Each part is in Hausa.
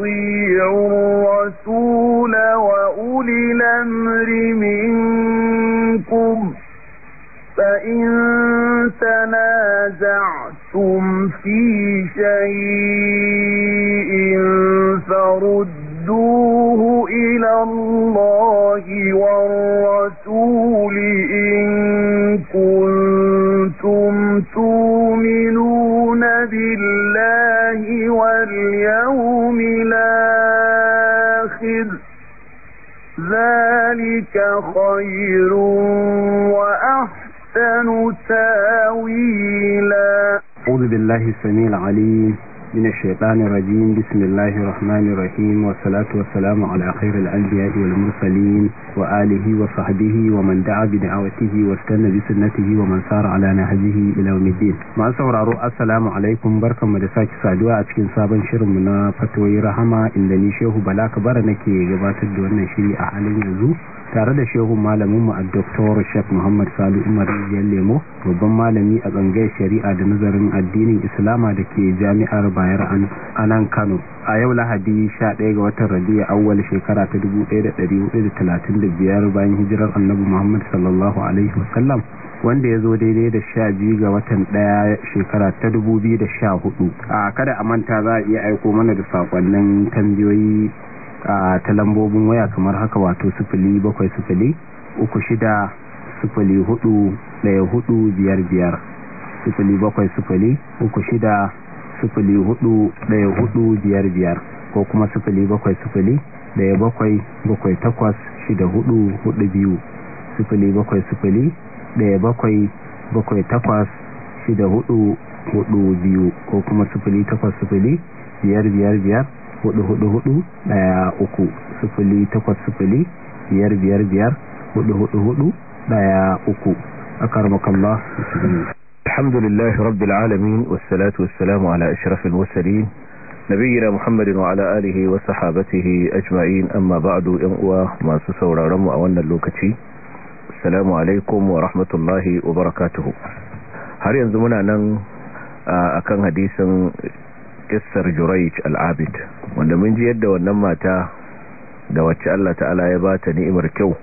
وأطيعوا الرسول وأولي الأمر منكم فإن تنازعتم في شيء فردوه إلى الله والرسول إن كنتم تؤمنون بالله الله واليوم الآخر ذلك خير وأحسن تاويلا أعوذ بالله السميع العليم من الشيطان الرجيم بسم الله الرحمن الرحيم والصلاة والسلام على خير الأنبياء والمرسلين وآله وصحبه ومن دعا بدعوته واستنى بسنته ومن سار على نهجه إلى يوم الدين ما سورارو السلام عليكم بركة مدساك سعدوا أتكين صابا شرمنا فتوي رحمة إنني شيخ بلا كبار نكي غبات الدولنا شيء أحالي يزو tare da shehun malaminmu a Dr. shek Muhammad Salu Umar Rijiyar Lemo, babban malami a gangar shari'a da nazarin addinin Islama da ke jami'ar Bayar Anan Kano. A yau Lahadi 11 ga watan Rabi'a awwal shekara ta biyar bayan hijirar Annabi Muhammad sallallahu alaihi wasallam wanda ya zo daidai da sha biyu ga watan daya shekara ta dubu biyu da sha hudu a kada a manta za a iya aiko mana da sakonnin tambayoyi A ta lambobin waya kamar haka wato sifili bakwai sifili uku shida sifili hudu daya hudu biyar biyar sifili bakwai uku shida hudu daya hudu biyar biyar ko kuma sifili bakwai sifili daya bakwai bakwai takwas shida hudu hudu biyu bakwai daya bakwai bakwai takwas shida hudu hudu biyu ko kuma sifili takwas sifili biyar biyar biyar 444-800-5555 akarmakallah alhamdulillah rabbil alamin wassalatu wassalamu ala ashrafil mursalin nabiyina muhammadin wa ala alihi wa sahabatihi ajma'in amma ba'du yan uwa masu sauraron mu a wannan lokaci assalamu wa rahmatullahi u barakatuhu har yanzu muna nan akan hadisin kissar Jurayj al’abid wanda mun ji yadda wannan mata da wacce Allah ta'ala ya ba ta ni'imar kyau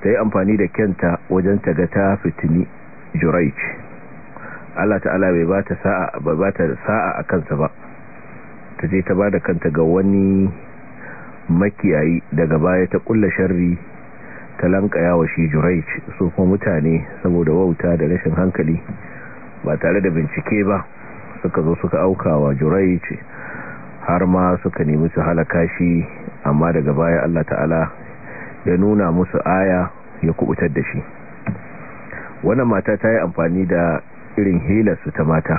ta yi amfani da kyanta wajen ta ga ta fitini juraic Allah ta'ala bai ba ta sa'a a kansa ba ta je ta ba da kanta ga wani makiyayi daga baya ta kulla sharri ta lankaya wa shi juraic su kuma mutane saboda wauta da rashin hankali ba tare da bincike ba suka zo suka aukawa jurai ce har ma suka nemi su halaka shi amma daga baya Allah ta'ala ya nuna musu aya ya kubutar da shi wannan mata ta yi amfani da irin su ta mata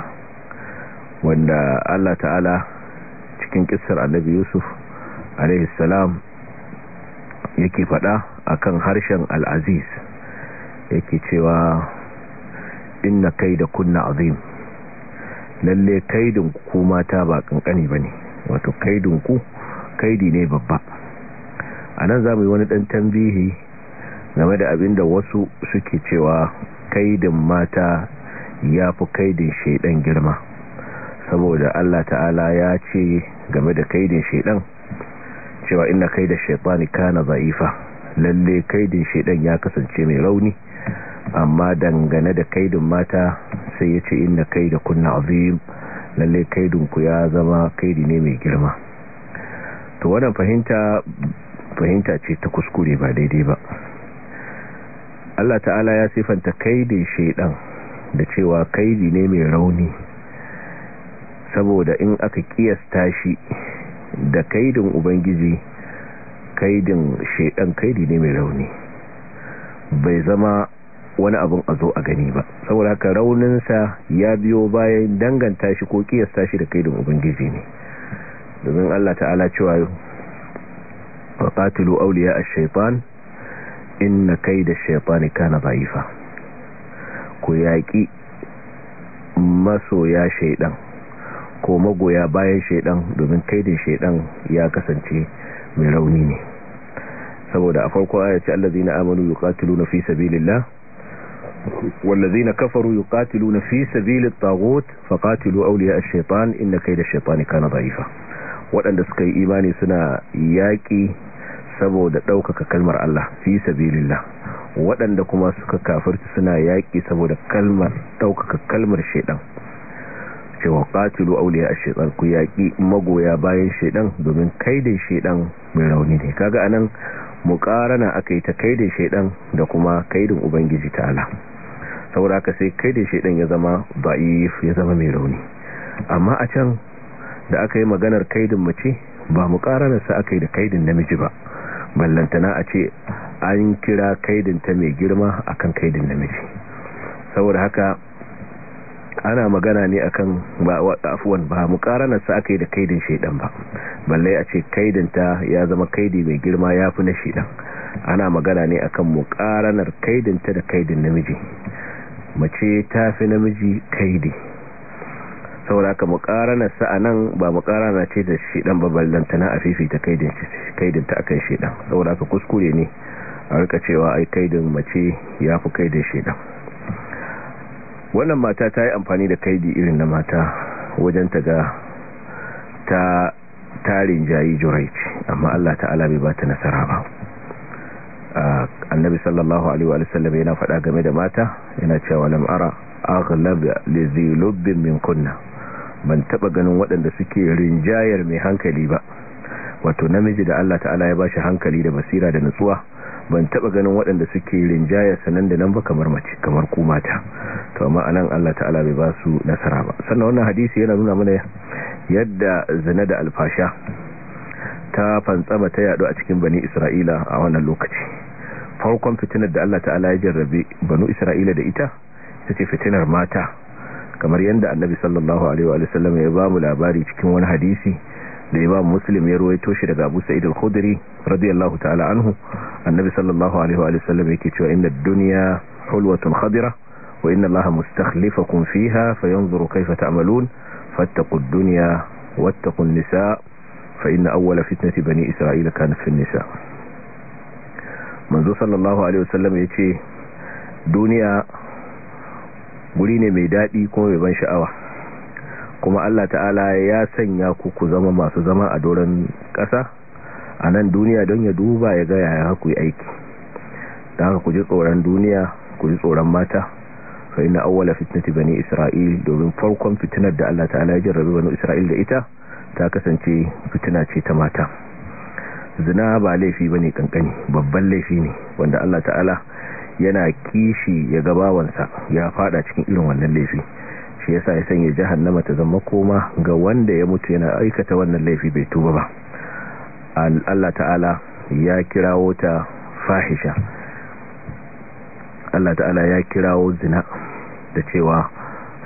wanda Allah ta'ala cikin kissar annabi Yusuf alaihi salam yake fada akan harshen al-aziz yake cewa inna kai da kunna azim lalle kaidin ku mata ba kankani bane wato kaidin ku kaidi ne babba anan zamu yi wani dan tambihi game da abinda wasu suke cewa kaidin mata ya fi kaidin shedan girma saboda Allah ta'ala ya ce game da kaidin shedan cewa inna kaida shaytani kana za'ifa lalle kaidin shedan ya kasance mai rauni amma dangane da kaidin mata sai ya ce inda kaida kunna azim lalle kaidin ku ya zama kaidi ne mai girma to wannan fahimta fahimta ce ta kuskure ba daidai ba Allah ta'ala ya sifanta kaidin shaidan da cewa kaidi ne mai rauni saboda in aka kiyasta shi da kaidin ubangiji kaidin shaidan kaidi ne mai rauni bai zama wani abin a zo a gani ba saboda haka rauninsa ya biyo bayan danganta shi ko kiyasta shi da kaidin ubangiji ne domin Allah ta'ala cewa wa qatilu awliya ash-shaytan inna kayda ash-shaytani kana da'ifa ko yaƙi masoya shaydan ko magoya bayan shaydan domin kaidin shaydan ya kasance mai rauni ne saboda a farko ayati allazina amanu yuqatiluna fi sabilillah والذين كفروا يقاتلون في سبيل الطاغوت فقاتلوا اولياء الشيطان ان كيد الشيطان كان ضعيفا waɗanda suka yi imani suna yaƙi saboda ɗaukaka kalmar Allah fi sabilillah waɗanda kuma suka kafirci suna yaƙi saboda kalmar ɗaukaka kalmar shaidan cewa qatilu awliya ash-shaytan ku yaƙi magoya bayan shaidan domin kaidin shaidan mai rauni ne kaga anan aka yi ta kaidin shaidan da kuma kaidin ubangiji ta allah saboda aka sai kai da shaidan ya zama da'if ya zama mai rauni amma a can da aka yi maganar kaidin mace ba mu sa aka yi da kaidin namiji ba ballantana a ce an kira kaidin ta mai girma akan kaidin namiji saboda haka ana magana ne akan ba afwan ba mu sa aka yi da kaidin shaidan ba balle a ce kaidin ta ya zama kaidi mai girma ya fi na shaidan ana magana ne akan mu karanar kaidin ta da kaidin namiji mace ta fi namiji kaidi sauraka mukaranarsa a nan ba mukarana ce da shidan baballantana a fifita kaidinta akan shidan ka kuskure ne a rika cewa ai kaidin mace ya fi kaidin shidan wannan mata ta yi amfani da kaidi irin na mata wajen ta ga ta tarin jayi juraici amma allah ta'ala bai ba ta nasara ba annabi sallallahu alaihi wa sallam yana faɗa game da mata yana cewa lam ara aghlab lizi lubbin min kunna ban taba ganin waɗanda suke rinjayar mai hankali ba wato namiji da Allah ta'ala ya bashi hankali da basira da nutsuwa ban taba ganin waɗanda suke rinjaya sanan da nan ba kamar mace kamar ku mata to amma anan Allah ta'ala bai ba su nasara ba sannan wannan hadisi yana nuna mana yadda zina da alfasha ta fantsama ta yado a cikin bani Isra'ila a wannan lokaci farkon fitinar da Allah ta'ala ya jarrabe banu Isra'ila da ita ita ce fitinar mata kamar yadda annabi sallallahu alaihi wa sallam ya ba mu labari cikin wani hadisi da ya ba muslim ya ruwaito shi daga Abu Sa'id al-Khudri radiyallahu ta'ala anhu annabi sallallahu alaihi wa sallam yake cewa inna ad-dunya hulwatun khadira wa inna Allaha mustakhlifakum fiha fayanzuru kayfa ta'malun fattaqu ad-dunya wattaqu an-nisa fa inna awwala fitnati bani isra'ila kanat fi an-nisa manzo sallallahu alaihi wasallam ya ce duniya guri ne mai dadi kuma mai ban sha'awa kuma Allah ta'ala ya sanya ku ku zama masu zama a doron kasa a nan duniya don ya duba ya ga yaya haku yi aiki da haka ku ji tsoron duniya ku ji tsoron mata fa inna awwala fitnati bani isra'il domin farkon fitinar da Allah ta'ala ya jarrabe bani isra'il da ita ta kasance fitina ce ta mata zina ba laifi ne kankani babban laifi ne wanda Allah ta'ala yana kishi ya gabawansa ya fada cikin irin wannan laifi shi yasa ya sanya jahannama ta zama koma ga wanda ya mutu yana aikata wannan laifi bai tuba ba Allah ta'ala ya kirawo ta fahisha Allah ta'ala ya kirawo zina da cewa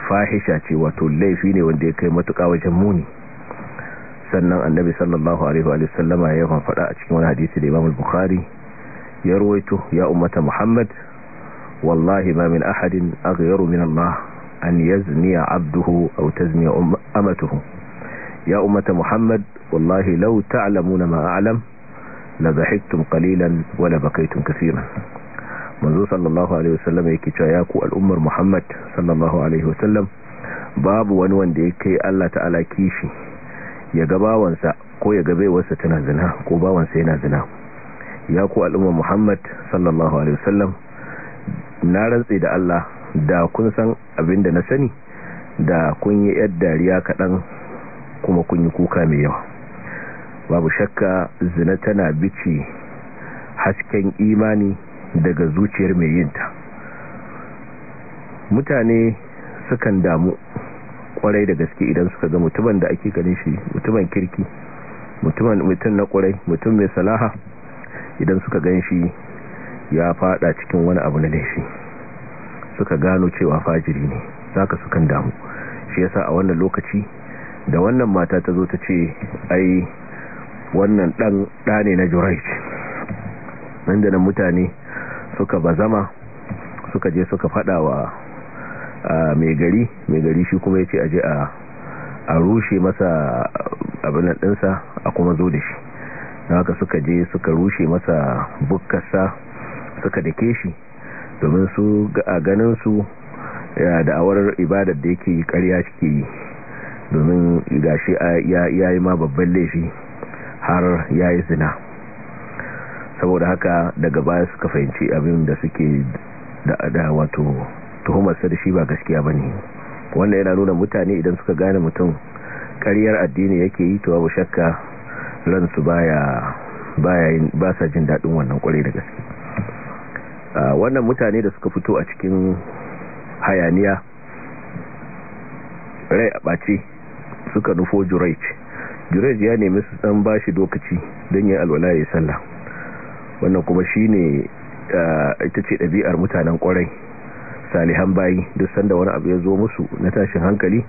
fahisha ce wato laifi ne wanda ya kai matuƙa wajen muni sannan annabi sallallahu alaihi wa sallama ya yawan fada a cikin wani hadisi da imamul bukhari ya ruwaito ya ummata muhammad wallahi ma min ahadin aghyaru min allah an yazniya abduhu aw tazniya um-, amatuhu ya ummata muhammad wallahi law ta'lamuna ma a'lam la dhahiktum qalilan wa la bakaytum kaseeran manzo sallallahu alaihi wasallam yake cewa ya ku al'ummar Muhammad sallallahu alaihi wa sallam babu wani wanda ya kai Allah ta'ala kishi ya ga bawansa ko ya ga baiwarsa tana zina ko bawansa yana zina ya ku al'umma Muhammad sallallahu alaihi wasallam na rantse da Allah da kun san abin da na sani da kun yi yar dariya kaɗan kuma kun yi kuka mai yawa babu shakka zina tana bici hasken imani daga zuciyar mai yinta mutane sukan damu kwarai da gaske idan suka ga mutumin da ake ganin shi mutumin kirki mutumin mutum na kwarai mutum mai salaha idan suka gan shi ya fada cikin wani abu na laifi suka gano cewa fajiri ne zaka sukan damu shi yasa a wannan lokaci da wannan mata ta zo ta ce ai wannan dan da ne na juraic nan da nan mutane suka ba zama suka je suka fada wa mai gari mai gari shi kuma ya ce aje a rushe masa abin ɗinsa a kuma zo da shi na haka suka je suka rushe masa bukkarsa suka dake shi domin su a su ya da'awar ibadar da yake karya cike yi domin gashi ya yi ma babban laifi har ya yi zina saboda haka daga baya suka fahimci abin da suke da wato tuhumarsa da shi ba gaskiya ba ne wanda yana nuna mutane idan suka gane mutum ƙaryar addini yake yi to abu shakka ransu baya ba sa jin daɗin wannan ƙwarai da gaske wannan mutane da suka fito a cikin hayaniya rai a ɓace suka nufo juraic juraic ya nemi su ɗan ba shi lokaci don yin alwala ya yi sallah wannan kuma shi ne ita ce ɗabi'ar mutanen ƙwarai salihan bayi duk sanda wani abu ya zo musu na tashin hankali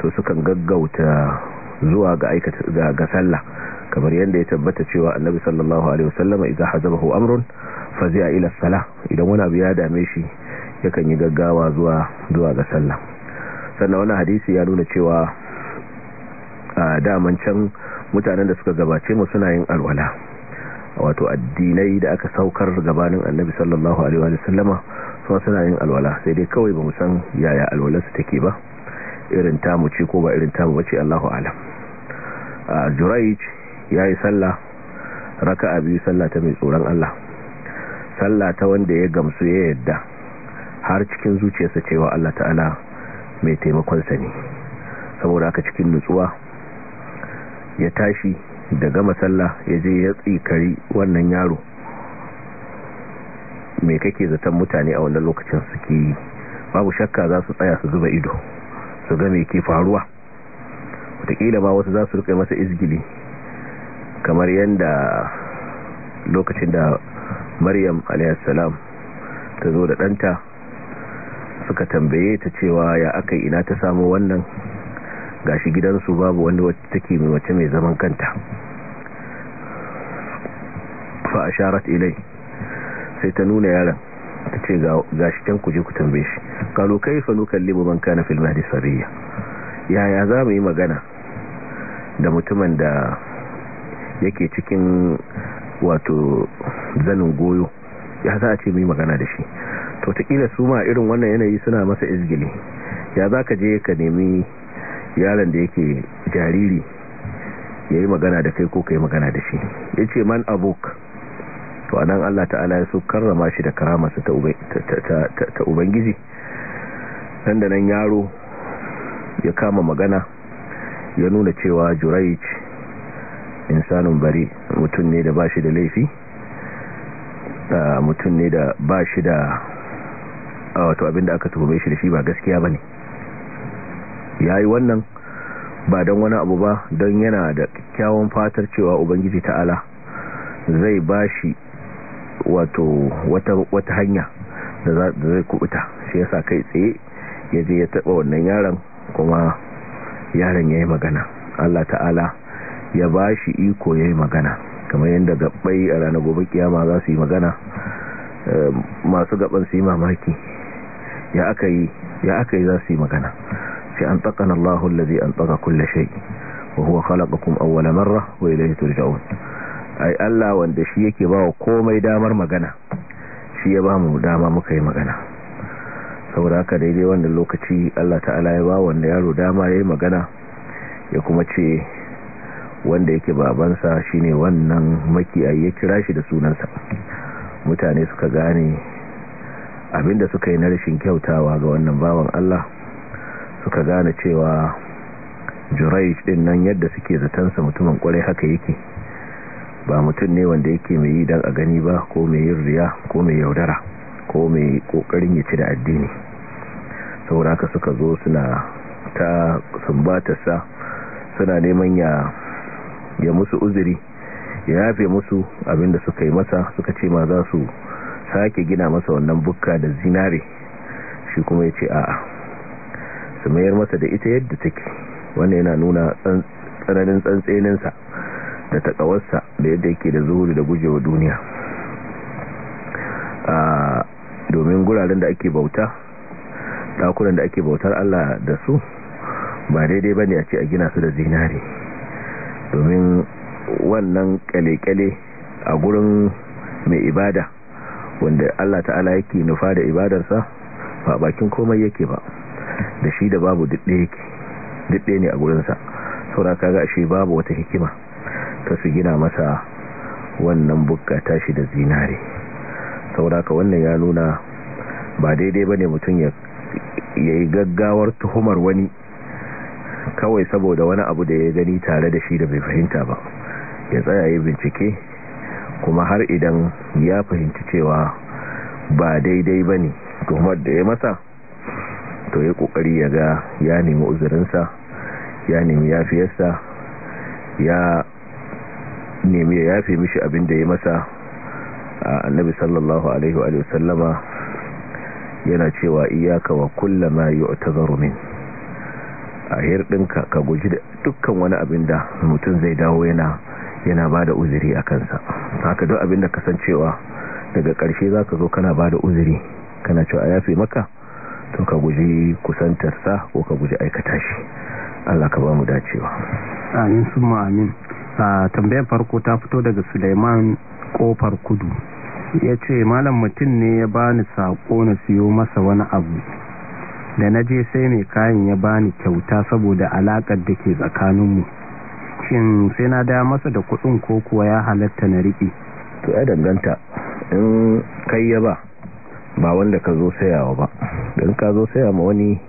to sukan gaggauta zuwa ga aikata ga sallah kamar yadda ya tabbata cewa annabi sallallahu alaihi wasallam idza hazabahu amrun fazi'a ila salah idan wani abu ya dame shi yakan yi gaggawa zuwa zuwa ga sallah sannan wani hadisi ya nuna cewa a daman can mutanen da suka gabace mu suna yin alwala wato addinai da aka saukar gabanin annabi sallallahu alaihi wasallama so suna yin alwala sai dai kawai ba musan san yaya su take ba irin tamu ce ko ba irin tamu wace Allahu alam a Juraij yayi sallah raka'a biyu sallah ta mai tsoron Allah sallah ta wanda ya gamsu ya yadda har cikin zuciyarsa cewa Allah ta'ala mai taimakon sa ne saboda haka cikin nutsuwa ya tashi da gama sallah ya je ya tsikari wannan yaro me kake zaton mutane a wannan lokacin suke yi babu shakka za su tsaya su zuba ido su ga me ke faruwa watakila ba wasu za su rika masa izgili kamar yadda lokacin da maryam a.s. ta zo da ɗanta suka tambaye ta cewa ya aka ina ta samu wannan gashi gidansu babu wanda wacce take mai wace mai zaman kanta fa sharat ilai sai ta nuna yaron ta ce ga shi can kuje ku tambaye shi kalu kaifa nukallimu man kana fil mahdi sariya yaya za mu yi magana da mutumin da yake cikin wato zanin goyo ya za a ce mu yi magana da shi to kila su ma irin wannan yanayi suna masa izgili ya za ka je ka nemi yaron da yake jariri ya yi magana da kai ko ka yi magana da shi ya ce man abok to anan Allah ta'ala ya so karrama shi da karamarsa ta ubangiji nan da nan yaro ya kama magana ya nuna cewa juraic insanin bari mutum ne da ba da laifi mutum ne da ba shi da wato abinda aka tuhume shi da shi ba gaskiya ba ne ya yi wannan ba don wani abu ba don yana da kyawun fatar cewa ubangiji ta'ala zai bashi. wato wata hanya da zai kubuta shi yasa kai tsaye ya je ya taba wannan yaron kuma yaron ya yi magana Allah ta'ala ya ba shi iko ya yi magana kamar yadda gabbai a ranar gobe kiyama za su yi magana eh, masu gaban su yi mamaki ya aka yi za su yi magana shi an tsaka Allahun lazi an tsaka kulle shai wa huwa khalaqakum awwala marra wa ilayhi turja'un ai Allah wanda shi yake bawa komai damar magana shi ya ba bamu dama muka yi magana saboda haka daidai wannan lokaci Allah ta'ala ya ba wanda yaro dama ya yi magana ya kuma ce wanda yake babansa shine wannan makiyayi ya kira shi da sunansa mutane suka gane abinda suka yi na rashin kyautawa ga wannan bawan Allah suka gane cewa jurai din nan yadda suke sa mutumin kwarai haka yake ba mutum ne wanda yake mai yi dan a gani ba ko mai yin riya ko mai yaudara ko mai kokarin ya ci da addini saboda haka suka zo suna ta sumbatarsa suna neman ya ya musu uzuri ya yafe musu abinda suka yi masa suka ce ma za su sake gina masa wannan bukka da zinare shi kuma ya ce a'a su mayar masa da ita yadda take wannan yana nuna tsananin tsantseninsa da taƙawarsa da yadda yake da zuhuri da gujewa duniya domin guraren da ake bauta takunan da ake bautar Allah da su ba daidai ba ne a ce a gina su da zinari domin wannan kale kyale a gurin mai ibada wanda Allah ta'ala yake nufa da ibadarsa ba bakin komai yake ba da shi da babu didde yake ne a gurinsa saura kaga ashe babu wata hikima ka su gina masa wannan bukka tashi da zinare sauraka wannan ya nuna ba daidai ba ne mutum ya yi gaggawar tuhumar wani kawai saboda wani abu da ya gani tare da shi da bai fahimta ba ya tsaya yi bincike kuma har idan ya fahimci cewa ba daidai ba ne tuhumar da ya masa to ya kokari ya ga ya nemi uzurinsa ya nemi yafiyarsa ya nemi ya yafe mishi abin da ya masa a annabi sallallahu alaihi wa sallama yana cewa iyaka wa kullama yu'tazaru min a dinka ka guji dukkan wani abin da mutum zai dawo yana yana bada uzuri a kansa haka duk abin da kasancewa daga ƙarshe zaka zo kana bada uzuri kana cewa yafe maka to ka guji kusantar sa ko ka guji aikata shi Allah ka ba mu dacewa amin summa amin a tambayar farko ta fito daga suleiman kofar kudu ya ce malam mutum ne ya bani saƙo na siyo masa wani abu da na je sai mai kayan ya bani kyauta saboda alaƙar da ke tsakaninmu shin sai na da masa da kuɗin ko kuwa ya halatta na riƙe to ya danganta in kai ya ba ba wanda ka zo sayawa ba don ka zo saya ma wani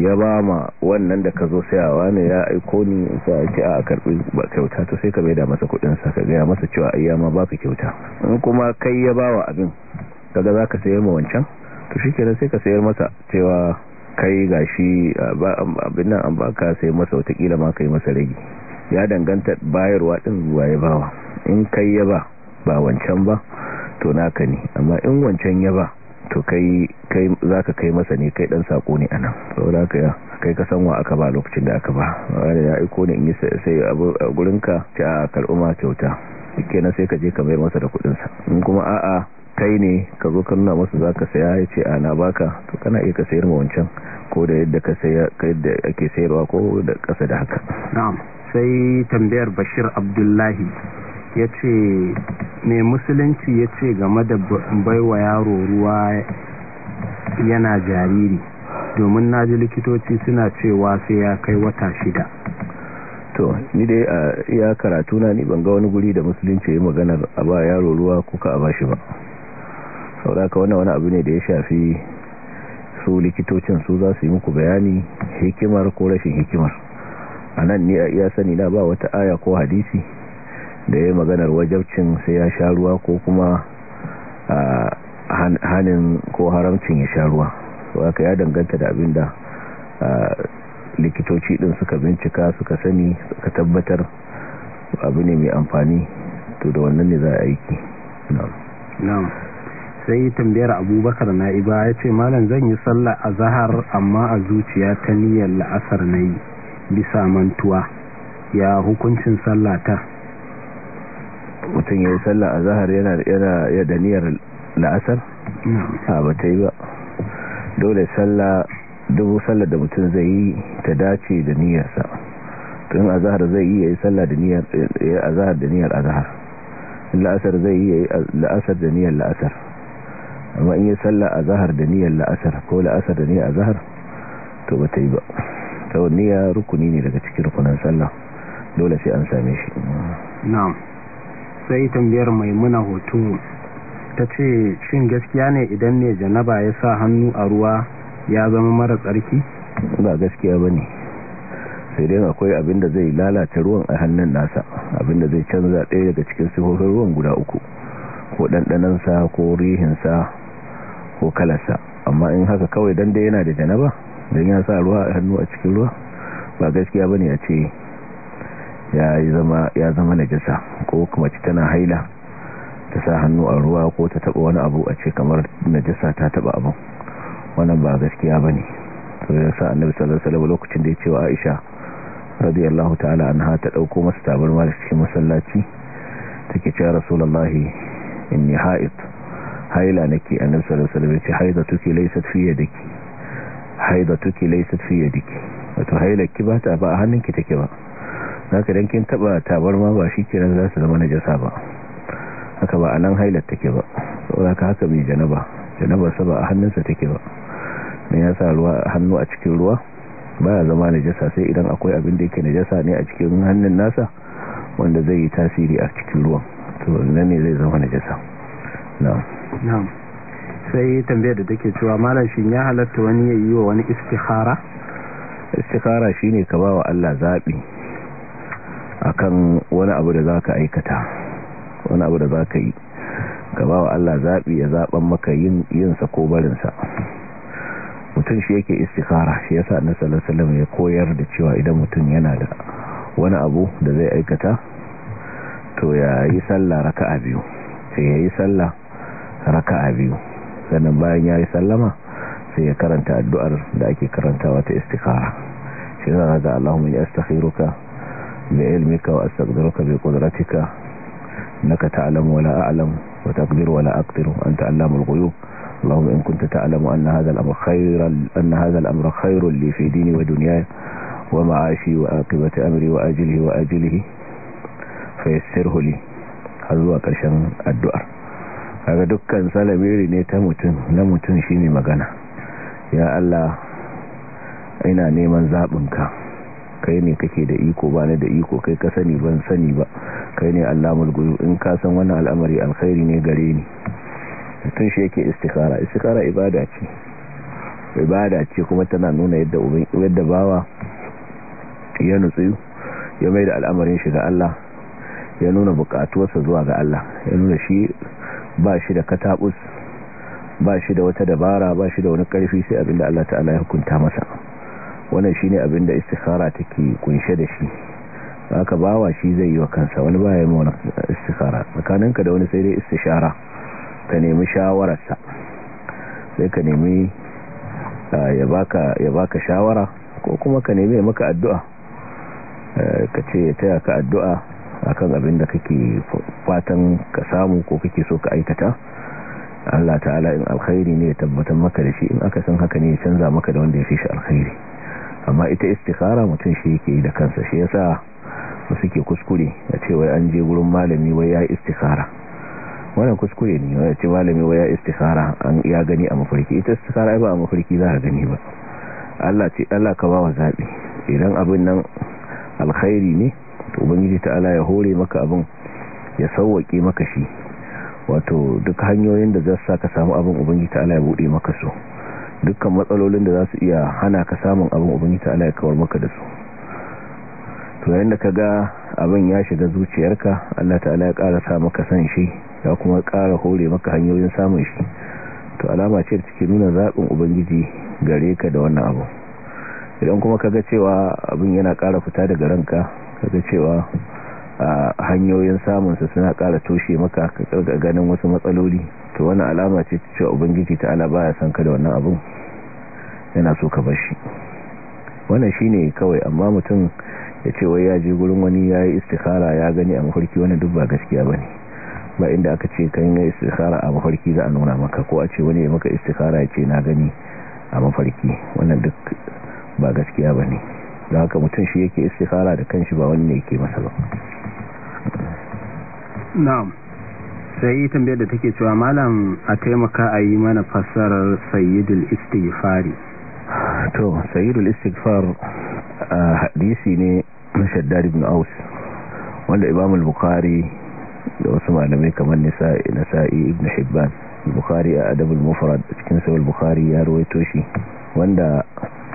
ya ba ma wannan da ka zo sayawa ne ya aiko ni in sa ake a karbi kyauta to sai ka bai da masa kudin sa ka gaya masa cewa ayya ma ka kyauta in kuma kai ya bawa abin kaga ka sayar ma wancan to shi kenan sai ka sayar masa cewa kai gashi abin nan an baka sai masa watakila ma kai masa rage ya danganta bayarwa din zuwa ya bawa in kai ya ba ba wancan ba to naka ne amma in wancan ya ba to kai kai zaka kai masa ne kai dan sako ne anan saboda ka kai ka san wa aka ba lokacin da aka ba wanda ya aiko ne in yi sai a gurinka ta kal'uma kyauta na sai ka je ka mai masa da kudin sa in kuma a'a kai ne ka zo ka nuna masa zaka saya ya ce na baka to kana iya ka sayar ma wancan ko da yadda ka saya kai da ake sayarwa ko da kasa da haka na'am sai tambayar Bashir Abdullahi ya ce mai musulunci ya ce game da baiwa yaro ruwa yana jariri domin na ji likitoci suna cewa sai ya kai wata shida to ni dai a iya karatu na ni ban ga wani guri da musulunci ya magana a ba yaro ruwa kuka a bashi ba sauraka wannan wani abu ne da ya shafi su likitocin su za su yi muku bayani hikimar ko rashin hikimar a nan ni a iya sani na ba wata aya ko hadisi da ya maganar wajabcin sai ya sha ruwa ko kuma hannun ko haramcin ya sha ruwa haka ya danganta da abinda da likitoci din suka bincika suka sani suka tabbatar abu ne mai amfani to da wannan ne za a aiki sai tambayar abubakar na'iba ya ce malam zan yi sallah a zahar amma a zuciya ta niyyar la'asar na yi bisa mantuwa ya hukuncin sallata mutum ya yi sallah a zahar yana da niyyar la'asar a ba ta yi ba dole sallah dubu sallah da mutum zai yi ta dace da niyyarsa tun a zahar zai yi ya yi sallah da niyyar a zahar da niyyar a zahar la'asar zai yi ya yi la'asar da niyyar la'asar amma in yi sallah a zahar da niyyar la'asar ko la'asar da niyyar a zahar to ba ta yi ba ta wani ya rukuni ne daga cikin rukunan sallah dole sai an same shi na'am sai tambayar maimuna hoto ta ce shin gaskiya ne idan ne janaba ya sa hannu a ruwa ya zama mara tsarki ba gaskiya ba ne sai dai akwai abinda zai lalata ruwan a hannun nasa abinda zai canza ɗaya daga cikin sifofin ruwan guda uku ko ɗanɗanansa ko rihinsa ko kalarsa amma in haka kawai dan dai yana da janaba don ya sa ruwa a hannu a cikin ruwa ba gaskiya ba ne a ce ya zama najasa ko kuma ci tana haila ta sa hannu a ruwa ko ta taba wani abu a ce kamar najasa ta taba abu wannan ba gaskiya ne to ya sa annabi sallallahu lokacin da ya ce wa Aisha radiyallahu ta'ala anha ta dauko masa tabarma da cikin masallaci take cewa rasulullahi inni ha'id haila nake annabi sallallahu alaihi wasallam ya ce haidatuki laysat fi yadiki haidatuki laysat fi yadiki wato ki ba ta ba a hannunki take ba zaka dan kin taba tabarma ba kiran za su zama najasa ba haka ba anan hailar take ba saboda haka mai janaba janaba ba a hannunsa take ba me ya ruwa hannu a cikin ruwa ba ya zama najasa sai idan akwai abin da yake najasa ne a cikin hannun nasa wanda zai yi tasiri a cikin ruwan to nan ne zai zama najasa na'am sai tambayar da take cewa malam shin ya halatta wani ya yi wa wani istikhara istikhara shine ka ba wa Allah zaɓi. akan wani abu da zaka aikata wani abu da zaka yi ka ba wa Allah zabi ya zaban maka yin yin sa ko barin sa mutum shi yake istikhara shi yasa annabi sallallahu alaihi wasallam ya koyar da cewa idan mutum yana da wani abu da zai aikata to ya yi sallah raka'a biyu sai ya yi sallah raka'a biyu sannan bayan ya yi sallama sai ya karanta addu'ar da ake karantawa ta istikhara shi a ga Allahumma ya astakhiruka بعلمك وأستقدرك بقدرتك أنك تعلم ولا أعلم وتقدر ولا أقدر وأنت علام الغيوب اللهم إن كنت تعلم أن هذا الأمر خير أن هذا الأمر خير لي في ديني ودنياي ومعاشي وآقبة أمري وأجله وأجله فيسره لي هذا هو كرشان الدعاء هذا دكا سلميري ne ta mutum na mutum shine يا ya Allah ina neman kai ne kake da iko ba da iko kai ka sani ban sani ba kai ne allamul gudu in ka san wannan al'amari alkhairi ne gare ni tun shi yake istikara istikara ibada ce ibada ce kuma tana nuna yadda yadda bawa ya nutsu ya mai da al'amarin shi ga Allah ya nuna bukatuwarsa zuwa ga Allah ya nuna shi ba shi da katabus ba shi da wata dabara ba shi da wani karfi sai abinda Allah ta'ala ya hukunta masa wannan shine abin da istikhara take kunshe da shi haka bawa shi zai yi wa kansa wani baya yi wani istikhara tsakaninka da wani sai dai istishara ka nemi shawararsa sai ka nemi ya baka shawara ko kuma ka nemi maka addu'a ka ce ya taya ka addu'a akan abin da kake fatan ka samu ko kake so ka aikata Allah ta'ala in alkhairi ne ya tabbatar maka da shi in aka san haka ne ya canza maka da wanda ya fi shi alkhairi amma ita istikhara mutum shi yake yi da kansa shi yasa ba suke kuskure a ce wai an je gurin malami wai ya istikhara wannan kuskure ne wai ce malami wai ya istikhara an ya gani a mafarki ita istikhara ba a mafarki za a gani ba Allah ce Allah ka ba wa zabi idan abin nan alkhairi ne to ubangiji ta ta'ala ya hore maka abin ya sauwake maka shi wato duk hanyoyin da za sa saka samu abin ubangiji ta Allah ya bude maka su dukkan matsalolin da za su iya hana ka samun abin ubangiji ta Allah ya kawar maka da su to yayin da ga abin ya shiga zuciyarka Allah ta'ala ya kara sa maka san shi ya kuma kara hore maka hanyoyin samun shi to alama ce da take nuna zaɓin ubangiji gare ka da wannan abu idan kuma ka ga cewa abin yana kara fita daga ranka ka ga cewa hanyoyin samunsa suna kara toshe maka ka ganin wasu matsaloli to wani alama ce ta cewa ubangiji ta ala baya san ka wannan abun yana so ka bar shi wannan shine kawai amma mutum ya ce wai ya je gurin wani ya yi istikhara ya gani a mafarki wani duk ba gaskiya ba ne ba inda aka ce kan yi istikhara a mafarki za a nuna maka ko a ce wani ya maka istikhara ya ce na gani a mafarki wannan duk ba gaskiya ba ne da haka mutum shi yake istikhara da kanshi ba wani ne yake masa ba na'am sai tambayar da take cewa malam a taimaka a yi mana fassarar sayyidul istighfari to sayyidul istighfar hadisi ne na shaddad ibn aus wanda imam al-bukhari da wasu malamai kamar nisa'i nasa'i ibn hibban bukhari a adabul mufrad cikin sahih bukhari ya rawaito shi wanda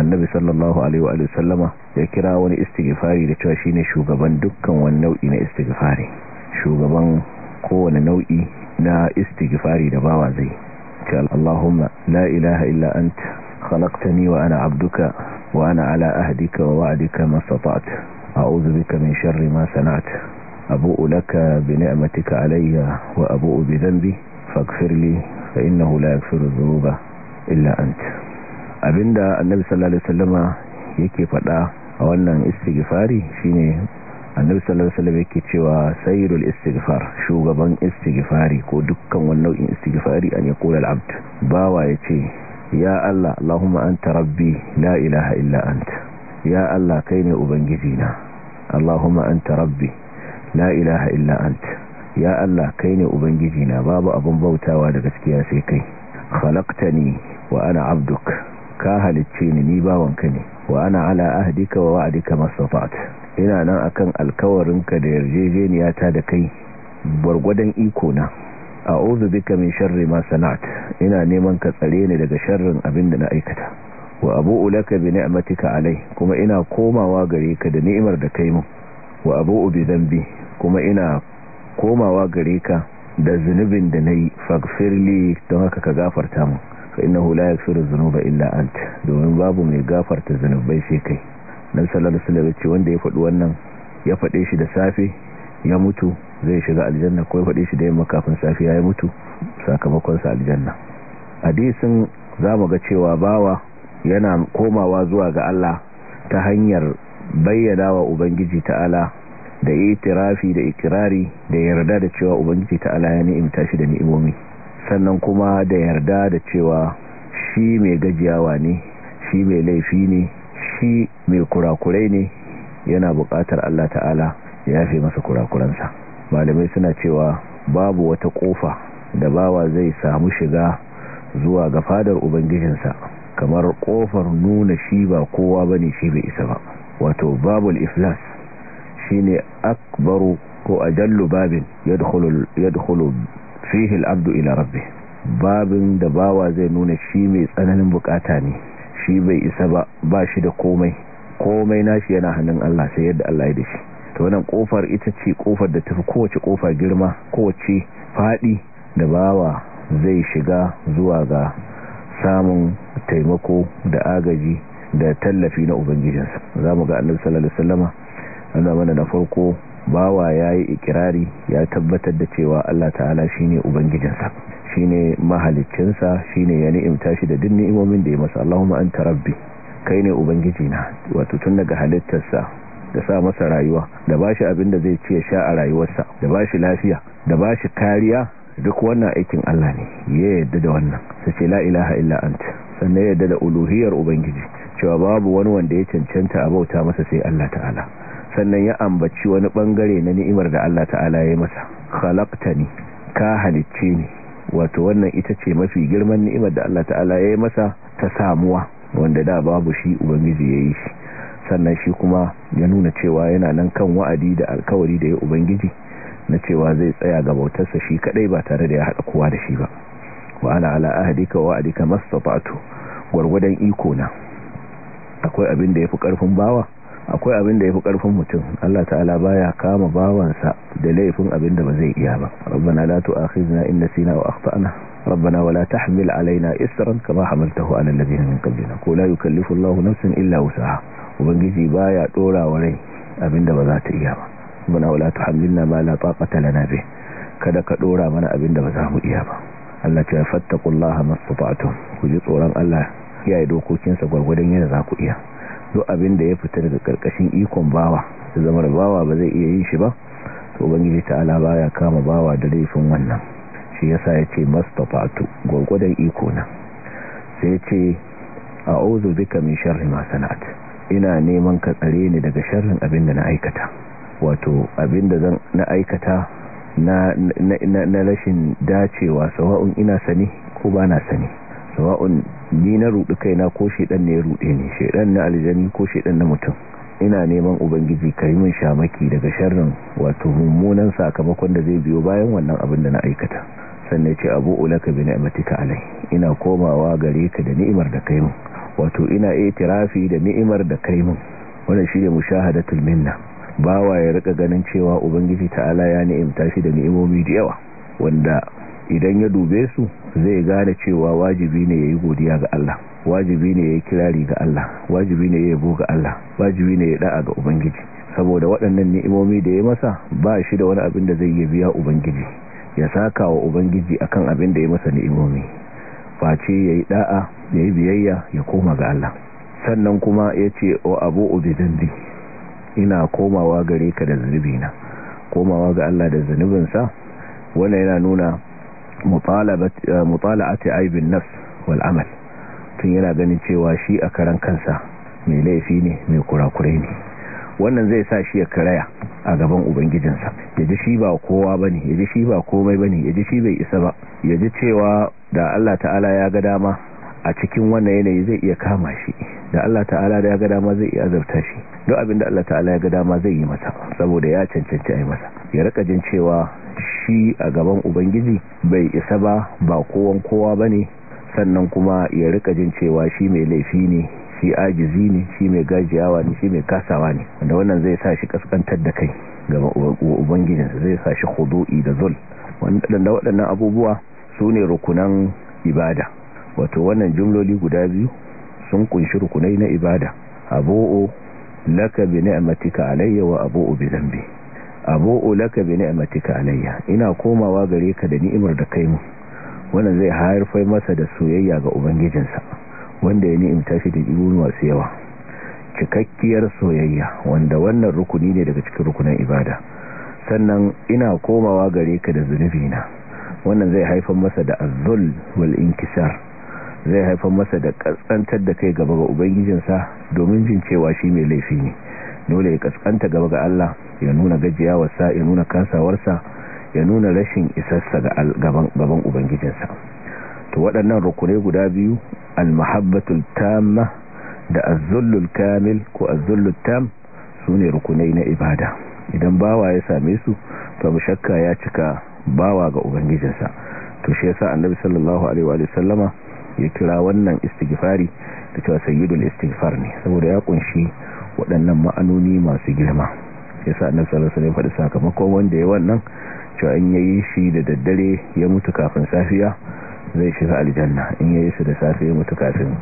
annabi sallallahu alaihi wa sallama ya kira wani istighfari da cewa shine shugaban dukkan wani nau'i na istighfari shugaban kowane nau'i na istighfari da bawa zai ce Allahumma la ilaha illa anta khalaqtani wa ana abduka wa ana ala ahdika wa wa'dika mastata'tu a'udhu bika min sharri ma sana'tu أبوء لك بنعمتك علي وأبوء بذنبي فاغفر لي فإنه لا يغفر الذنوب إلا أنت abinda annabi sallallahu alaihi wasallama yake faɗa a wannan istighfari shine annabi sallallahu alaihi wasallam yake cewa sayyidul istighfar shugaban istighfari ko dukkan wani nau'in istighfari an yaqula al-abd bawa yace ya Allah Allahumma anta rabbi la ilaha illa anta ya Allah kai ne ubangijina Allahumma anta rabbi la ilaha illa anta ya Allah kai ne ubangijina babu abun bautawa da gaskiya sai kai khalaqtani wa ana abduk ka halicce ni ni bawanka ne wa ana ala ahdika wa wa'dika mastata ina nan akan ka da yarjejeniya ta da kai gwargwadon iko na a'udhu bika min sharri ma ina neman ka tsare ni daga sharrin abin da na aikata wa abu ulaka bi ni'matika alai kuma ina komawa gare ka da ni'imar da kai mun wa abu bi dhanbi kuma ina komawa gare ka da zunubin da nayi faghfirli don haka ka gafarta mun fa innahu la yaghfiru dhunuba illa ant domin babu mai gafarta zunubai sai kai nan sallallahu alaihi wasallam ce wanda ya faɗi wannan ya faɗe shi da safe ya mutu zai shiga aljanna ko ya faɗe shi da yamma kafin safe ya mutu sakamakon sa aljanna hadisin zamu ga cewa bawa yana komawa zuwa ga Allah ta hanyar bayyana wa ubangiji ta'ala da itirafi da ikirari da yarda da cewa ubangiji ta'ala ya ni'imta shi da ni'imomi sannan kuma da yarda da cewa shi mai gajiyawa ne shi mai laifi ne shi mai kurakurai ne yana buƙatar Allah ta'ala ya yafe masa kurakuransa malamai suna cewa babu wata ƙofa da bawa zai samu shiga zuwa ga fadar ubangijinsa kamar ƙofar nuna shi ba kowa bane shi bai isa ba wato babul iflas shine akbaru ko ajallu babin yadkhulu yadkhulu fihi al-abdu ila rabbih babin da bawa zai nuna shi mai tsananin bukata ne shi bai isa ba ba shi da komai komai nashi yana hannun Allah sai yadda Allah ya da shi to wannan kofar ita ce kofar da tafi kowace kofa girma kowace fadi da bawa zai shiga zuwa ga samun taimako da agaji da tallafi na ubangijinsa za mu ga annabi sallallahu alaihi wasallama ana mana na farko bawa ya yi ikirari ya tabbatar da cewa Allah ta'ala shine ubangijinsa shine mahaliccinsa shine ya ni'imta shi da duk ni'imomin da ya masa Allahumma anta rabbi kai ne ubangijina wato tun daga halittarsa da sa masa rayuwa da bashi abin da zai ci ya sha a rayuwarsa da ba shi lafiya da ba shi kariya duk wannan aikin Allah ne ya yadda da wannan sai ce la ilaha illa anta sannan yadda da uluhiyar ubangiji cewa babu wani wanda ya cancanta a bauta masa sai Allah ta'ala sannan ya ambaci wani bangare na ni'imar da Allah ta'ala ya masa khalaqtani ka halicce ni wato wannan ita ce mafi girman ni'imar da Allah ta'ala ya masa ta samuwa wanda da babu shi ubangiji ya yi shi sannan shi kuma ya nuna cewa yana nan kan wa'adi da alkawari da ya ubangiji na cewa zai tsaya ga bautarsa shi kadai ba tare da ya haɗa kowa da shi ba wa ana ala ahdika wa adika mastata gwargwadon iko na akwai abin da yafi karfin bawa akwai abin da ya fi ƙarfin mutum Allah ta'ala baya kama bawansa da laifin abin da ba zai iya ba rabbana la tu'akhizna in nasina wa akhtana rabbana wala tahmil alaina isran kama hamaltahu ala alladhina min qablina ko la yukallifu Allahu nafsan illa wusaha ubangiji baya dora wa rai abin da ba za ta iya ba rabbana wa tuhammilna ma la taqata lana bih kada ka dora mana abin da ba za mu iya ba Allah ta fattaqullaha mastata'tum ku ji tsoron Allah yayi dokokinsa gwargwadon yadda za ku iya duk abin da ya fita daga karkashin ikon bawa da zama da bawa ba zai iya yin shi ba to ubangiji ta'ala baya kama bawa da laifin wannan shi yasa ce mastafatu gurgudan iko na sai yace a'udhu bika min sharri ma sana'at ina neman ka tsare ni daga sharrin abin da na aikata wato abin da zan na aikata na na rashin dacewa sawa'un ina sani ko ba na sani sawa'un ni na rudu kaina ko shedan ne ya rude ni shedan na aljani ko shedan na mutum ina neman ubangiji ka yi min shamaki daga sharrin wato mummunan sakamakon da zai biyo bayan wannan abin da na aikata sannan ce abu ulaka bi ni'matika alai ina komawa gare ka da ni'imar da kai min wato ina itirafi da ni'imar da kai min wannan shine mushahadatul minna bawa ya rika ganin cewa ubangiji ta'ala ya ni'imta shi da ni'imomi da yawa wanda idan ya dube su zai gane cewa wajibi ne ya yi godiya ga Allah wajibi ne ya yi kirari ga Allah wajibi ne ya yabo ga Allah wajibi ne ya da'a ga ubangiji saboda waɗannan ni'imomi da ya masa ba shi da wani abin da zai yi biya ubangiji ya saka wa ubangiji kan abin da ya masa ni'imomi face ya yi da'a ya yi biyayya ya koma ga Allah sannan kuma ya ce wa abu ubidandi ina komawa gare ka da zunubina komawa ga Allah da zunubinsa wannan yana nuna mutala'ati aibin nafs wal amal tun yana ganin cewa shi a karan kansa mai laifi ne mai kurakurai ne wannan zai sa shi ya karaya a gaban ubangijinsa ya ji shi ba kowa ne ya ji shi ba komai ne ya ji shi bai isa ba ya ji cewa da Allah ta'ala ya ga dama a cikin wannan yanayi zai iya kama shi da Allah ta'ala da ya ga dama zai iya azabta shi duk abin da Allah ta'ala ya ga dama zai yi masa saboda ya cancanci a yi masa ya rika jin cewa shi a gaban ubangiji bai isa ba ba kowan kowa ba ne sannan kuma ya rika jin cewa shi mai laifi ne shi ajizi ne shi mai gajiyawa ne shi mai kasawa ne wanda wannan zai sa shi kaskantar da kai gaban ubangijinsa zai sa shi hudu'i da zul wanda waɗannan abubuwa su ne rukunan ibada wato wannan jumloli guda biyu sun kunshi rukunai na ibada abu'u laka bi ni'matika alayya wa abu'u bi dhanbi abu'u laka bi ni'matika alayya ina komawa gare ka da ni'imar da kai mu wannan zai haifar masa da soyayya ga ubangijinsa wanda ya ni'imta shi da ibun masu yawa cikakkiyar soyayya wanda wannan rukuni ne daga cikin rukunan ibada sannan ina komawa gare ka da zunubi na wannan zai haifar masa da azzul wal inkisar zai haifar masa da kaskantar da kai gaba ga ubangijinsa domin jin cewa shi mai laifi ne dole ya kaskanta gaba ga Allah ya nuna gajiyawarsa ya nuna kasawarsa ya nuna rashin isarsa gaban ubangijinsa to waɗannan rukunai guda biyu al almahabbatul tamma da azzullul kamil ko az-zullut tam su ne rukunai na ibada idan bawa ya same su to shakka ya cika bawa ga ubangijinsa to shi yasa annabi sallallahu alaihi wa sallama ya kira wannan istighfari da cewa sayyidul istighfar ne saboda ya kunshi waɗannan ma'anoni masu girma yasa annabi sallallahu alaihi wasallam faɗi sakamakon wanda ya wannan cewa in yayi shi da daddare ya mutu kafin safiya zai shiga aljanna in yayi shi da safe ya mutu kafin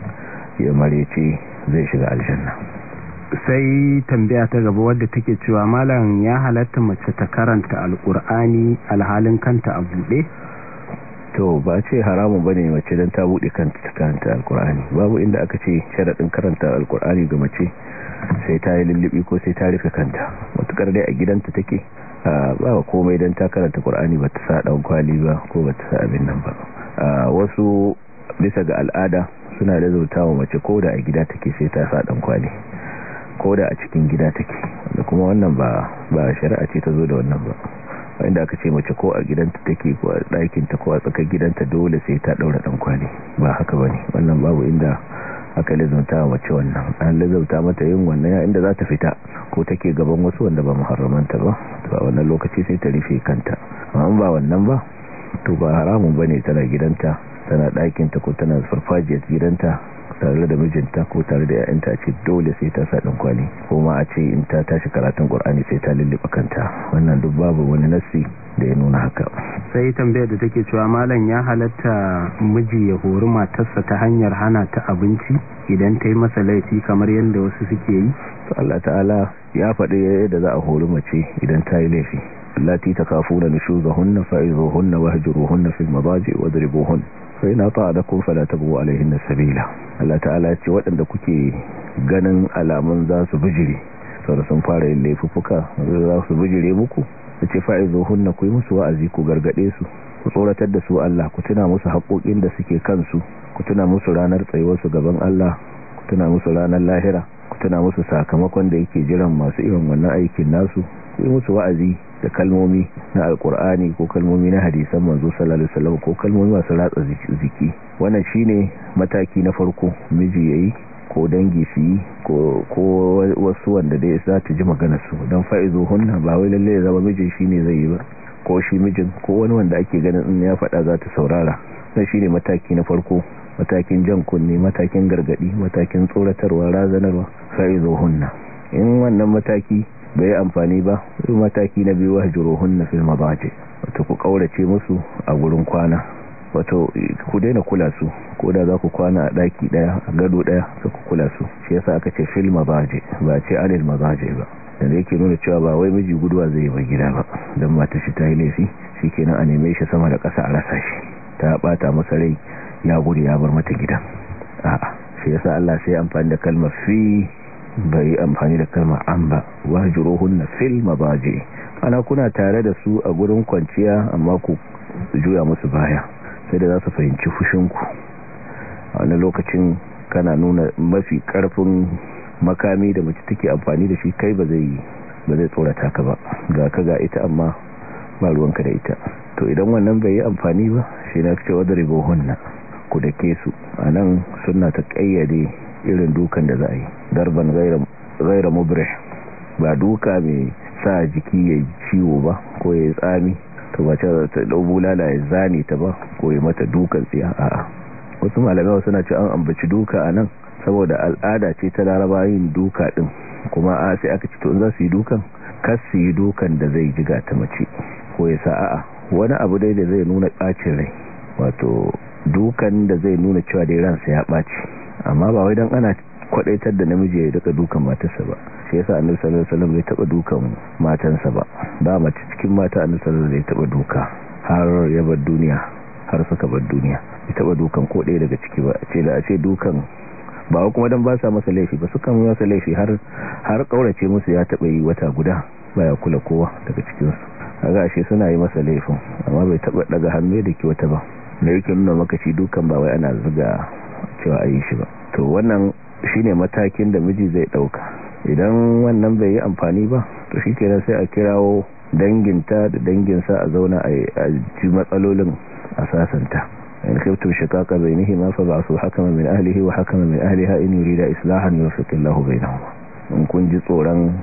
ya marece zai shiga aljanna sai tambaya ta gaba wadda take cewa malam ya halatta mace ta karanta alkur'ani alhalin kanta a buɗe to ba ce haramun ba ne mace dan ta bude kanta ta karanta alkur'ani babu inda aka ce sharadin karanta alkur'ani ga mace sai ta yi lullubi ko sai ta rufe kanta matukar dai a gidanta take ba komai dan ta karanta alkur'ani ba ta sa dan kwali ba ko ba ta sa abin nan ba wasu bisa ga al'ada suna da zautawa mace ko da a gida take sai ta sa dan kwali ko da a cikin gida take da kuma wannan ba ba shari'a ce ta zo da wannan ba wanda aka ce mace ko a gidanta take ko a ɗakinta ko a tsakar gidanta dole sai ta ɗaura ɗan kwali ba haka ba ne wannan babu inda aka lizauta wa mace wannan an lizauta mata yin wannan ya inda za ta fita ko take gaban wasu wanda ba muharramanta ba to a wannan lokaci sai ta rufe kanta amma ba wannan ba to ba haramun ba ne tana gidanta tana ɗakinta ko tana farfajiyar gidanta tare da mijinta ko tare da yayanta ce dole sai ta saɗan kwali ko ma a ce in ta tashi karatun qur'ani sai ta lulluɓa kanta wannan duk babu wani nassi da ya nuna haka sai tambayar da take cewa malam ya halatta miji ya hori matarsa ta hanyar hana ta abinci idan ta yi masa laifi kamar yadda wasu suke yi to Allah ta'ala ya faɗi yadda za a hori mace idan ta yi laifi lati takafuna nushuzahunna fa'izuhunna wahjuruhunna fil mabaji wadribuhunna fa ina ta'adakum fala tabu alaihin sabila Allah ta'ala ya ce waɗanda kuke ganin alamun za su bijire saboda sun fara yin laifuka za su bijire muku ce fa'izo hunna ku yi musu wa'azi ku gargade su ku tsoratar da su Allah ku tuna musu haƙoƙin da suke kansu ku tuna musu ranar tsayuwarsu gaban Allah ku tuna musu ranar lahira tana musu sakamakon da yake jiran masu irin wannan aikin nasu sai musu wa'azi da kalmomi na alkur'ani ko kalmomi na hadisan manzo sallallahu alaihi wasallam ko kalmomi masu ratsa ziki wannan shine mataki na farko miji yayi ko dangi su yi ko wasu wanda dai za ta ji magana su don fa'izo hunna ba wai lalle ya zama mijin shi zai yi ba ko shi mijin ko wani wanda ake ganin in ya faɗa za ta saurara na shine mataki na farko matakin jan kunne matakin gargadi matakin tsoratarwa razanarwa sai zo hunna in wannan mataki bai amfani ba sai mataki na biyu wahjuru hunna fil mabaji wato ku kaurace musu a gurin kwana wato ku daina kula su ko da za ku kwana a daki ɗaya a gado ɗaya sai ku kula su shi yasa aka ce fil baje ba ce alil mabaji ba da yake nuna cewa ba wai miji guduwa zai ba gida ba don mata shi ta yi laifi shi kenan a neme shi sama da ƙasa a rasa shi ta bata masa rai ya gudu ya bar mata gida a'a shi yasa Allah sai amfani da kalmar fi bai amfani da kalmar an ba na fil mabaji ana kuna tare da su a gurin kwanciya amma ku juya musu baya sai da za su fahimci fushinku a wani lokacin kana nuna mafi karfin makami da mace take amfani da shi kai ba zai ba zai tsorata ka ba ga ka ga ita amma ba ruwanka da ita to idan wannan bai yi amfani ba shi na cewa da ribohunna ku da ke su a nan suna ta kayyade irin dukan da za a yi darban zaira mubre ba duka mai sa jiki ya ciwo ba ko ya yi tsami to ba cewa ta ɗau ya zane ta ba ko ya mata dukan tsiya a'a wasu malamai suna ce an ambaci duka a nan saboda al'ada ce ta larabayin duka din kuma a sai aka ci to in za su yi dukan kar su yi dukan da zai jiga ta mace ko ya sa a'a wani abu dai da zai nuna bacin rai wato dukan da zai nuna cewa dai ransa ya baci amma ba wai dan ana kwadaitar da namiji ya duka dukan matarsa ba shi yasa annabi sallallahu alaihi wasallam bai taba dukan matansa ba ba mace cikin mata annabi sallallahu alaihi wasallam taba duka har ya bar duniya har suka bar duniya bai taba dukan ko ɗaya daga ciki ba ce da a ce dukan ba kuma dan ba sa masa laifi ba suka masa laifi har har kaurace musu ya taba yi wata guda baya kula kowa daga cikin su ga ashe suna yi masa laifin amma bai taba daga hannu da ke wata ba da yake nuna makaci dukan ba wai ana zuga cewa a yi shi ba to wannan shine matakin da miji zai dauka idan wannan bai yi amfani ba to shi kenan sai a kirawo danginta da danginsa a zauna a ji matsalolin a sasanta in khiftum shiqaqa bainihima fab'athu haka min ahlihi wa hakaman min ahliha in yurida islahan yuwaffiqillahu bainahuma in kun ji tsoron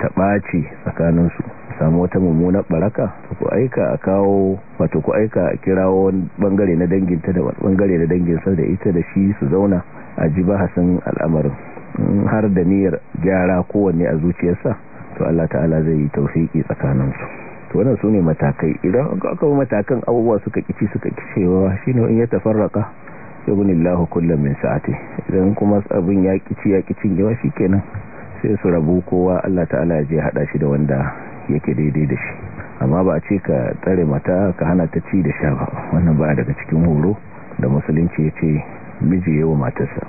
tsakanin tsakaninsu samu wata mummunar baraka ku aika a kawo wato ku aika a kirawo bangare na danginta da bangare na danginsa da ita da shi su zauna a ji bahasin al'amarin har da niyyar gyara kowanne a zuciyarsa to Allah ta'ala zai yi tsakanin tsakaninsu to wannan su ne matakai idan aka yi matakan abubuwa suka kici suka kicewa shine in ya tafarraka yabunillahu kullum min sa'ati idan kuma abin ya kici ya kicin yawa shikenan sai su rabu kowa Allah ta'ala ya je hada shi da wanda yake daidai da shi amma ba a ce ka tsare mata ka hana ta ci da sha ba wannan ba daga cikin horo da musulunci ya ce miji yawa matarsa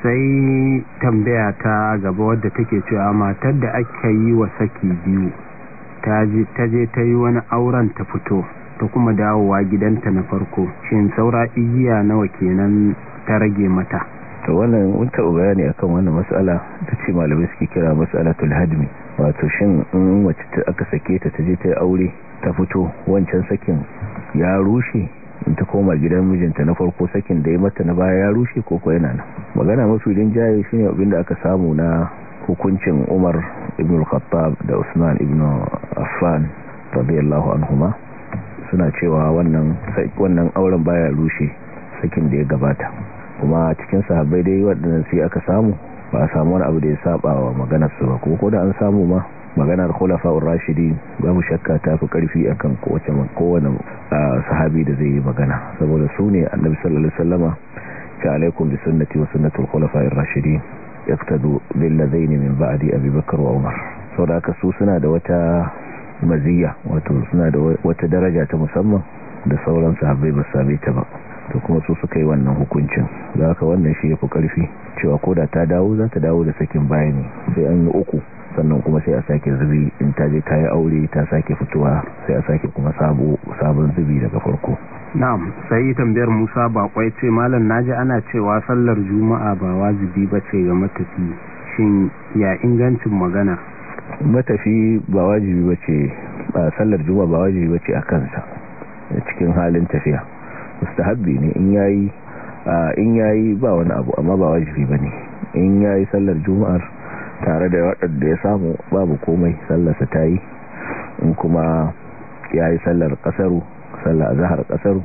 sai tambaya ta gaba wadda take cewa matar da aka yi wa saki biyu ta je ta yi wani auren ta fito ta kuma dawowa gidanta na farko shin saura igiya nawa kenan ta rage mata to wannan mun taɓa bayani akan wannan matsala ta ce malamai suke kira mas'alatul hadmi wato shin in wacce aka sake ta ta je ta aure ta fito wancan sakin ya rushe in ta koma gidan mijinta na farko sakin da ya mata na baya ya rushe ko ko yana nan magana mafi jaye shine abin da aka samu na hukuncin Umar ibn Khattab da Usman ibn Affan radiyallahu anhuma suna cewa wannan wannan auren baya rushe sakin da ya gabata kuma cikin sahabbai dai waɗannan sai aka samu ba a samu wani abu da ya saba wa maganar su ba kuma ko da an samu ma maganar khulafa'ur rashidi mu shakka ta fi karfi akan kowace kowane sahabi da zai yi magana saboda su ne annabi sallallahu alaihi wasallama ka alaikum bi sunnati wa sunnati al-khulafa'ir rashidin yaqtadu bil ladain min ba'di abi bakr wa umar saboda aka su suna da wata maziya wato suna da wata daraja ta musamman da sauran sahabbai ba sabe ta ba to kuma su suka yi wannan hukuncin za ka wannan shi ya fi ƙarfi cewa ko da ta dawo za ta dawo da sakin baya ne sai an yi uku sannan kuma sai a sake zubi in ta je ta yi aure ta sake fitowa sai a sake kuma sabon zubi daga farko na'am sai tambayar musa bakwai ce malam naji ana cewa sallar juma'a ba wajibi ba ce ga matafi shin ya ingancin magana matafi ba wajibi ba ce sallar juma'a ba wajibi ba ce a kansa cikin halin tafiya mustahabbi ne in yayi in yayi ba wani abu amma ba wajibi bane in yayi sallar juma'ar tare da wadanda ya samu babu komai sallarsa ta yi in kuma yayi yi sallar kasaru sallar zahar kasaru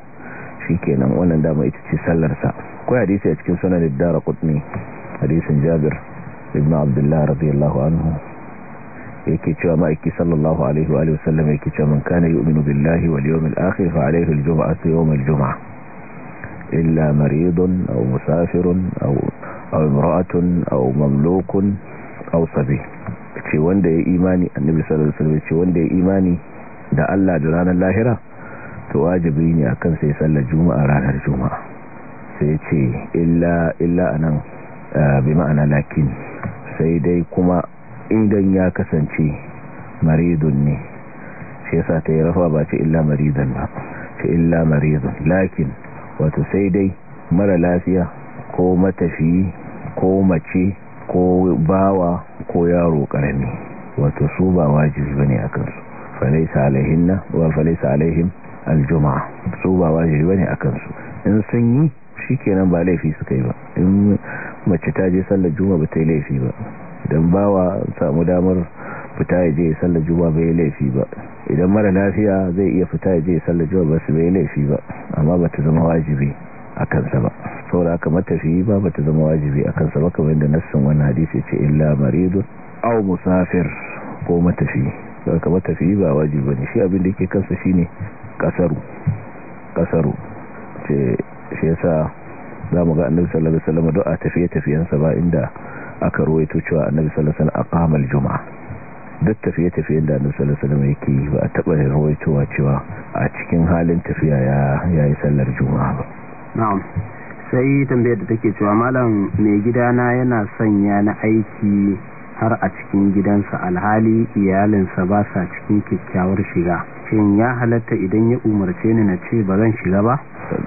shi kenan wannan dama ita ce sa ko hadisi a cikin sunan dara darqutni hadisin jabir ibn abdullahi radiyallahu anhu yake cewa ma'aiki sallallahu alaihi wa sallam yake cewa man kana yu'minu billahi wal yawmil akhir fa alaihi al-jum'atu yawmal jum'ah illa maridun aw musafirun aw aw imra'atun aw mamlukun aw sabi ce wanda ya imani annabi sallallahu alaihi wasallam ce wanda ya imani da Allah da ranar lahira to wajibi ne akan sai sallar juma'a ranar juma'a sai ce illa illa anan eh, bi ma'ana lakin sai dai kuma idan ya kasance maridun ne shi yasa ta yi rafa ba ce illa maridun ba ce illa maridun lakin wato sai dai mara lafiya ko matafiyi ko mace ko bawa ko yaro karami wato su ba wajibi bane akan su falaisa na wa falaisa alaihim aljuma'a su ba wajibi bane akan su in sun yi kenan ba laifi suka yi ba in mace ta je sallar juma'a ba ta yi laifi ba ba bawa samu damar fita ya je sallar juma bai laifi ba idan mara lafiya zai iya fita ya je sallar juma ba su bai laifi ba amma ba ta zama wajibi a kansa ba saura haka matafi ba ba ta zama wajibi a kansa ba kamar da nassin wani hadisi ce illa maridun aw musafir ko saura ka matafi ba wajibi ba ne shi abin da ke kansa shine kasaru kasaru ce shi yasa za mu ga annabi sallallahu alaihi wasallam a tafiye tafiyansa ba inda aka ruwaito cewa annabi sallallahu alaihi wasallam aqama duk tafiye-tafiyen da annabi sallallahu alaihi wasallam yake ba a taba ruwaitowa cewa a cikin halin tafiya ya yayi sallar juma'a ba na'am sai tambayar da take cewa malam mai gidana yana sanya na aiki har a cikin gidansa alhali iyalinsa ba sa cikin kyakkyawar shiga shin ya halatta idan ya umarce ni na ce ba zan shiga ba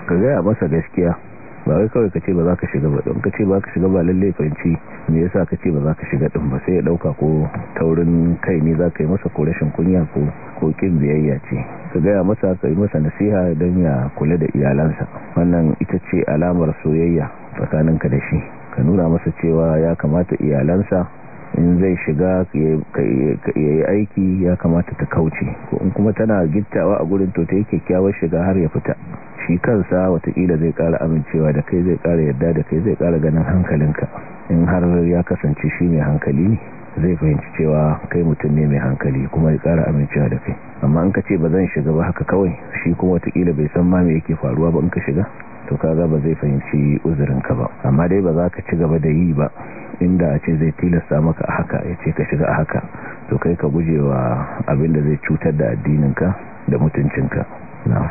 ka gaya masa gaskiya ba wai kawai ce ba za ka shiga ba don ce ba ka shiga ba lalle fahimci me yasa ce ba za ka shiga din ba sai ya ɗauka ko taurin kai ne za ka yi masa ko rashin kunya ko ko kin biyayya ce ka gaya masa ka yi masa nasiha don ya kula da iyalansa wannan ita ce alamar soyayya tsakaninka da shi ka nuna masa cewa ya kamata iyalansa in zai shiga ya yi aiki ya kamata ta kauce ko in kuma tana gittawa a gurin to ta yi kyakkyawar shiga har ya fita shi kansa watakila zai kara amincewa da kai zai kara yadda da kai zai kara ganin hankalinka in har ya kasance shi mai hankali ne zai fahimci cewa kai mutum ne mai hankali kuma ya kara amincewa da kai amma in ka ce ba zan shiga ba haka kawai shi kuma watakila bai san ma me yake faruwa ba in ka shiga to kaga ba zai fahimci uzurinka ba amma dai ba za ka ci gaba da yi ba inda a ce zai tilasta maka a haka ya ce ka shiga a haka to kai ka guje wa abinda zai cutar da addininka da mutuncinka no.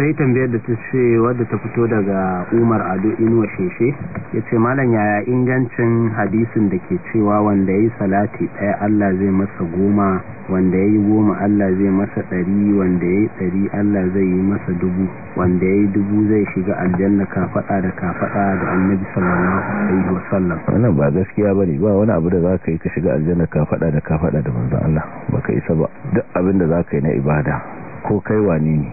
sai tambayar da ta ce wadda ta fito daga umar ado inuwa sheshe ya ce malam yaya ingancin hadisin da ke cewa wanda ya yi salati ɗaya allah zai masa goma wanda ya yi goma allah zai masa ɗari wanda ya yi ɗari allah zai yi masa dubu wanda ya yi dubu zai shiga aljanna kafaɗa da kafaɗa da annabi sallallahu alaihi wasallam wannan ba gaskiya ba ne ba wani abu da za ka yi ka shiga aljanna kafaɗa da kafaɗa da manzan allah ba ka isa ba duk abin da za ka yi na ibada ko kai wane ne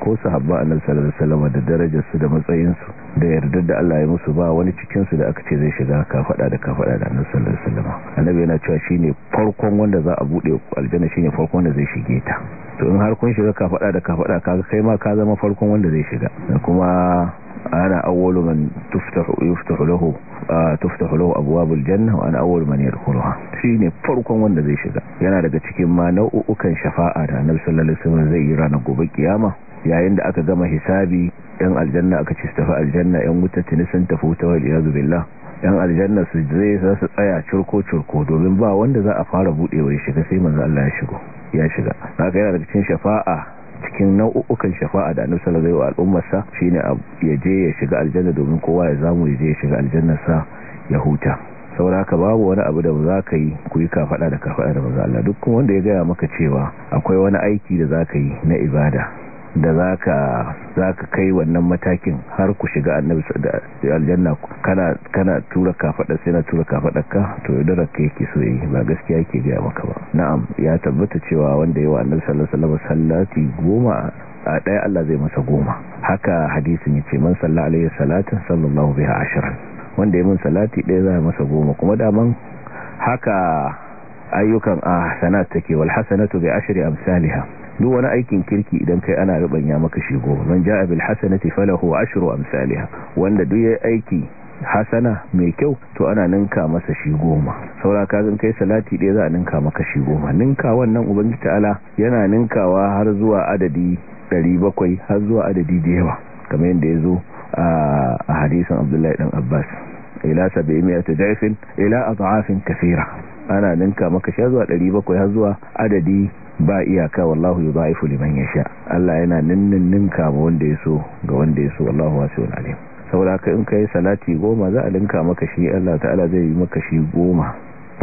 ko sahabba annal sallallahu alaihi wasallam da darajarsu da matsayinsu da yarda da Allah ya musu ba wani cikin su da aka ce zai shiga kafaɗa da kafaɗa da annal sallallahu alaihi wasallam annabi yana cewa shine farkon wanda za a bude aljanna shine farkon wanda zai shige ta to in har kun shiga kafaɗa da kafaɗa kaga kai ma ka zama farkon wanda zai shiga kuma ana awwalu man tuftahu yuftahu lahu tuftahu lahu abwabul janna wa ana awwalu man yadkhuluha shine farkon wanda zai shiga yana daga cikin ma nau'ukan shafa'a da annabi sallallahu alaihi wasallam zai yi ranar gobe kiyama yayin da aka gama hisabi yan aljanna aka ce tafi aljanna yan wuta tuni sun tafi wuta wal billah yan aljanna su zai sa su tsaya curko curko domin ba wanda za a fara budewa ya shiga sai manzo Allah ya shigo ya shiga haka yana daga cikin shafa'a cikin nau'ukan shafa'a da annabi sallallahu alaihi wa al'ummarsa shine ya je ya shiga aljanna domin kowa ya zamu ya je ya shiga sa ya huta saboda haka babu wani abu da za ka yi ku yi kafaɗa da kafaɗa da manzo Allah duk wanda ya gaya maka cewa akwai wani aiki da za ka yi na ibada da za ka kai wannan matakin har ku shiga annabi da aljanna kana tura kafaɗa sai na tura ka to dara ka yake so yi ba gaskiya yake biya maka ba na'am ya tabbata cewa wanda yawa annabi sallallahu salati goma a ɗaya Allah zai masa goma haka hadisin ce man salla alaihi salatin sallallahu biya ashirin wanda ya min salati ɗaya za masa goma kuma daman haka ayyukan a ah, sanat take wal bi ashri amsalha duk wani aikin kirki idan kai ana rubanya maka shi goma man ja'a bil hasanati falahu ashru amsalha wanda duk yayi aiki hasana mai kyau to ana ninka masa shi goma saura kazin kai salati ɗaya za a ninka maka shi goma ninka wannan ubangiji ta'ala yana ninkawa har zuwa adadi 700 har zuwa adadi da yawa kamar yadda ya zo a hadisin abdullahi dan abbas ila 700 da'ifin ila adhafin kaseera ana ninka maka sha zuwa 700 har zuwa adadi ba iyaka wallahu ya yudha'ifu liman sha. Allah yana ninnin ninka ma wanda yaso ga wanda ya so wallahu wasi'un alim saboda ka in kai salati goma za a linka maka shi Allah ta'ala zai yi maka shi goma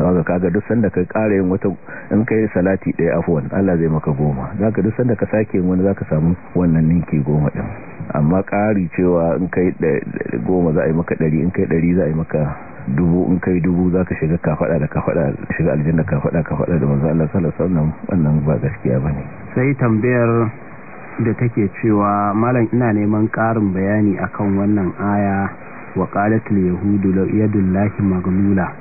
kaga kaga duk sanda kai ƙara yin wata in kai salati ɗaya afwan Allah zai maka goma zaka duk sanda ka sake yin wani zaka samu wannan ninki goma din amma ƙari cewa in kai goma za a yi maka ɗari in kai ɗari za a yi maka dubu in kai dubu za ka shiga kafaɗa da kafaɗa shiga aljanna kafaɗa kafaɗa da manzo Allah sallallahu alaihi wasallam wannan ba gaskiya bane sai tambayar da take cewa malam ina neman ƙarin bayani akan wannan aya wa al yahudu law yadullahi maghlula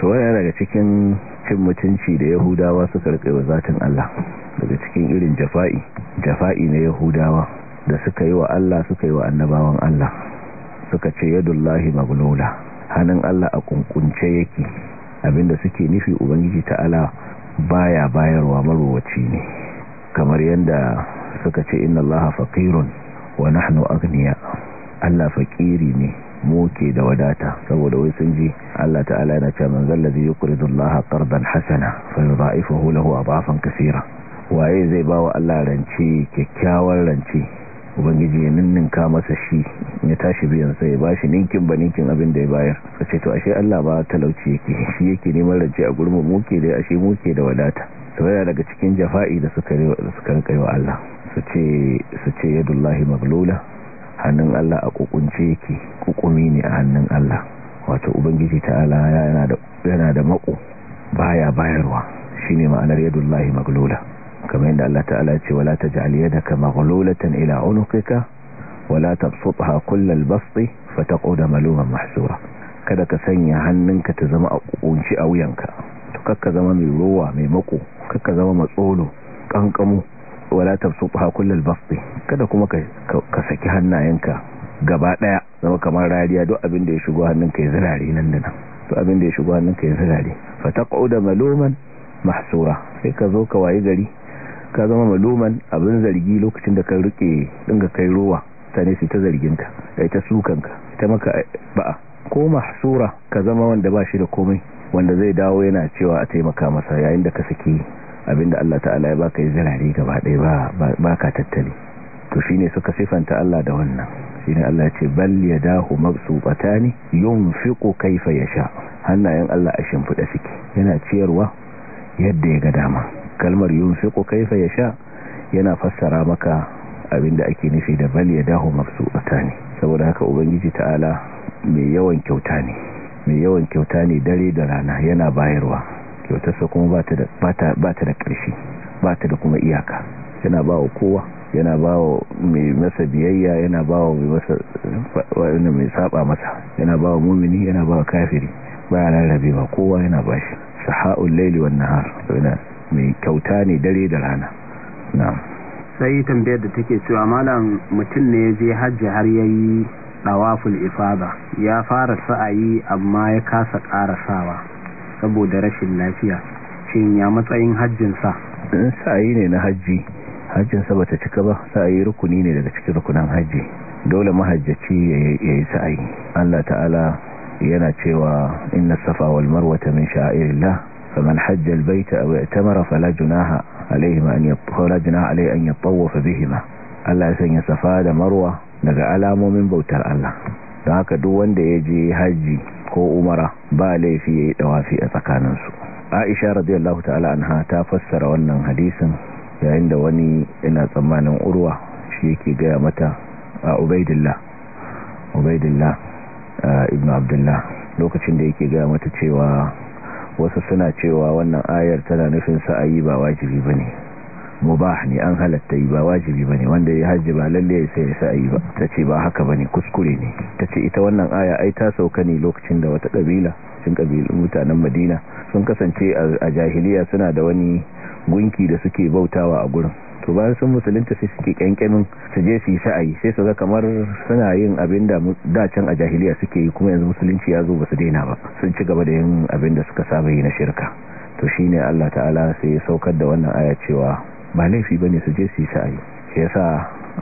to wani daga cikin cin mutunci da yahudawa suka wa zatin Allah daga cikin irin jafa'i jafa'i na yahudawa da suka yi wa Allah suka yi wa annabawan Allah suka ce yadullahi maglula hannun Allah a kunkunce yake abinda suke nufi ubangiji ta'ala baya bayarwa marowaci ne kamar yadda suka ce inna allaha faqirun wa nahnu aghniya Allah faqiri ne muke da wadata saboda wai sun ji Allah ta'ala yana cewa man zallazi yuqridu Allah qardan hasana fa yudha'ifuhu lahu bafan kaseera waye zai bawa Allah rance kyakkyawar rance ubangiji ya ninninka masa shi ya tashi biyan sai ya bashi ninkin ba ninkin abin da ya bayar sace to ashe Allah ba talauci yake shi yake neman rance a gurbin mu ke da ashe mu ke da wadata to yana daga cikin jafa'i da suka suka kai wa Allah su ce yadullahi maglula hannun Allah a kukunce yake kukumi ne a hannun Allah wato ubangiji ta ala yana da mako baya bayarwa shine ma'anar yadullahi maglula kamar yadda Allah ta'ala ya ce wala ta da ka maghlulatan ila unukika wala tabsutha kullal basti koda maluman mahsura kada ka sanya hannunka ta zama a kukunce a wuyanka to kakka zama mai rowa mai mako kakka zama matsolo kankamo wala tabsutha kullal basti kada kuma ka saki hannayenka gaba daya zama kamar rariya duk abin da ya shigo hannunka ya zirare nan da nan duk abin da ya shigo hannunka ya zirare fa taq'uda maluman mahsura sai ka zo ka wayi gari ka zama maluman abin zargi lokacin da ka rike dinga kai ruwa tane su ta zarginka kai ta sukanka ta maka ba'a ko mahsura ka zama wanda ba shi da komai wanda zai dawo yana cewa a taimaka masa yayin da ka saki abinda Allah ta'ala ya baka yi zirare gaba ɗaya ba baka tattali to shine suka sifanta Allah da wannan shine Allah ya ce bal yadahu mabsutatani yunfiqu kayfa yasha hannayen Allah a shimfida suke yana ciyarwa yadda ya ga dama kalmar yunfiqu kayfa sha yana fassara maka abinda ake nufi da bal yadahu mabsutatani saboda haka ubangiji ta'ala mai yawan kyauta ne mai yawan kyauta ne dare da rana yana bayarwa kyautarsa kuma ba ta da ƙarfi ba ta da kuma iyaka yana ba wa kowa yana ba wa mai masa biyayya yana ba wa mai saba masa yana ba wa mummini yana ba wa kafiri ba ya rarrabe ba kowa yana ba shi saha'ul laili wannan har yana mai kyauta ne dare da rana sai tambayar da take cewa malam mutum ne je hajji har ya yi dawaful ifada ya fara sa'ayi amma ya kasa ƙara sawa. saboda rashin lafiya shin ya matsayin hajjinsa in eh, sa'ayi ne na hajji hajjinsa bata cika ba sa'ayi rukuni ne daga cikin rukunan hajji dole mahajjaci ya yi sa'ayi Allah ta'ala yana cewa inna safa wal marwata min sha'irillah faman hajja albayta aw i'tamara fala junaha alayhi an yatawala junaha fa bihima Allah ya sanya safa da marwa daga alamomin bautar Allah don haka duk wanda ya je hajji ko umara ba laifi ya yi dawafi a tsakaninsu aisha radiyallahu ta'ala anha ta fassara wannan hadisin yayin da wani ina tsammanin urwa shi yake gaya mata a ubaidillah ubaidillah ibn abdullah lokacin da yake gaya mata cewa wasu suna cewa wannan ayar tana nufin sa'ayi ba wajibi bane mubah ne an halatta yi ba wajibi bane wanda ya hajji ba lalle sai ya sa yi ba tace ba haka bane kuskure ne tace ita wannan aya ai ta sauka ne lokacin da wata kabila cikin kabilun mutanen Madina sun kasance a jahiliya suna da wani gunki da suke bautawa a gurin to bayan sun musulunta sai suke kyankyamin su je su yi sa'ayi sai su ga kamar suna yin abin da dacin a jahiliya suke yi kuma yanzu musulunci ya zo ba su daina ba sun ci gaba da yin abin da suka saba yi na shirka to shine Allah ta'ala sai ya saukar da wannan aya cewa ba laifi bane su je su yi sa'i shi yasa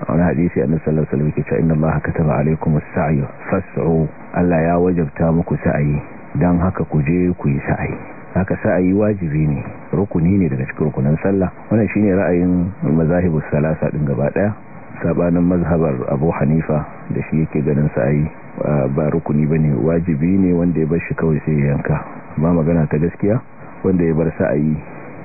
wani hadisi annabi sallallahu alaihi wasallam ke cewa inna allaha kataba alaikum as sa'ayi fas'u Allah ya wajabta muku sa'ayi dan haka ku je ku yi sa'i haka sa'ayi wajibi ne rukuni ne daga cikin rukunan sallah wannan shine ra'ayin mazahibu salasa din gaba daya sabanin mazhabar Abu Hanifa da shi yake ganin sa'ayi ba rukuni bane wajibi ne wanda ya bar shi kawai sai yanka ba magana ta gaskiya wanda ya bar sa'ayi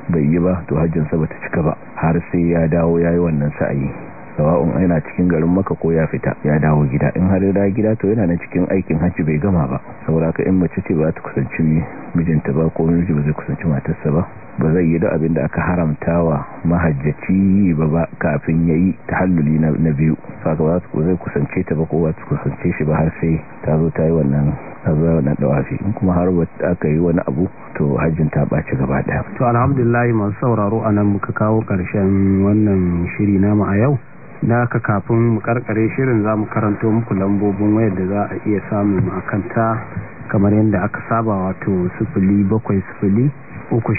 bai yi ba to hajjinsa ba ta cika ba har sai ya dawo ya yi wannan sa'ayi sawa'un yana cikin garin maka ko ya fita ya dawo gida in har da gida to yana na cikin aikin hajji bai gama ba saboda ka in mace ce ba ta kusanci mijinta ba ko miji ba zai kusanci matarsa ba ba zai yi da abin da aka haramta wa mahajjaci ba ba kafin ya yi ta halluli na biyu saka ba su zai kusance ta ba ko ba su kusance shi ba har sai ta zo ta yi wannan zuwa wannan dawafi in kuma har aka yi wani abu to hajjin ta ɓaci gaba ɗaya to alhamdulillah masu sauraro a nan muka kawo ƙarshen wannan shiri namu a yau na aka kafin mu karkare shirin za mu karanto muku lambobin wayar da za a iya samun akanta kamar yadda aka saba wato sufuli bakwai sufuli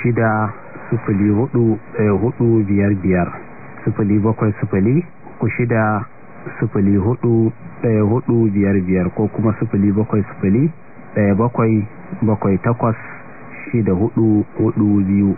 shida sufuli hudu hudu biyar biyar sufuli bakwai sufuli uku shida sufuli hudu daya hudu biyar biyar ko kuma sufuli bakwai sufuli daya bakwai bakwai takwas shida hudu hudu biyu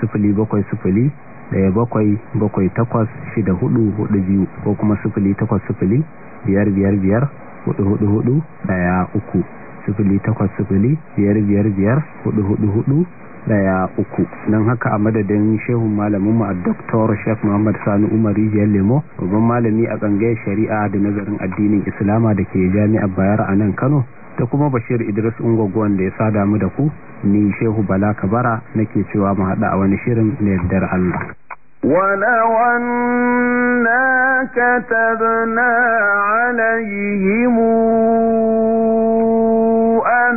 sufuli bakwai sufuli daya bakwai bakwai takwas shida hudu hudu biyu ko kuma sufuli takwas sufuli biyar biyar biyar hudu hudu hudu daya uku sufuli takwas sufuli biyar biyar biyar hudu hudu hudu daya uku don haka a madadin shehun malaminmu a doktor shek muhammad sani umar rijiyar lemo babban malami a tsangayar shari'a da nazarin addinin islama da ke jami'ar bayar a nan kano ta kuma bashir idris ungwagwan da ya sa damu da ku ni shehu bala kabara nake cewa mu haɗa a wani shirin na yardar allah ولو أنا كتبنا عليهم أن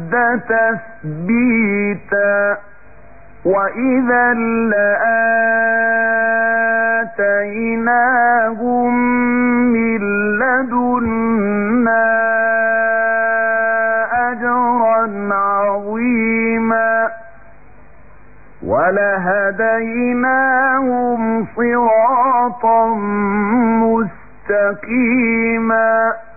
الأرض تثبيتا وإذا لآتيناهم من لدنا أجرا عظيما ولهديناهم صراطا مستقيما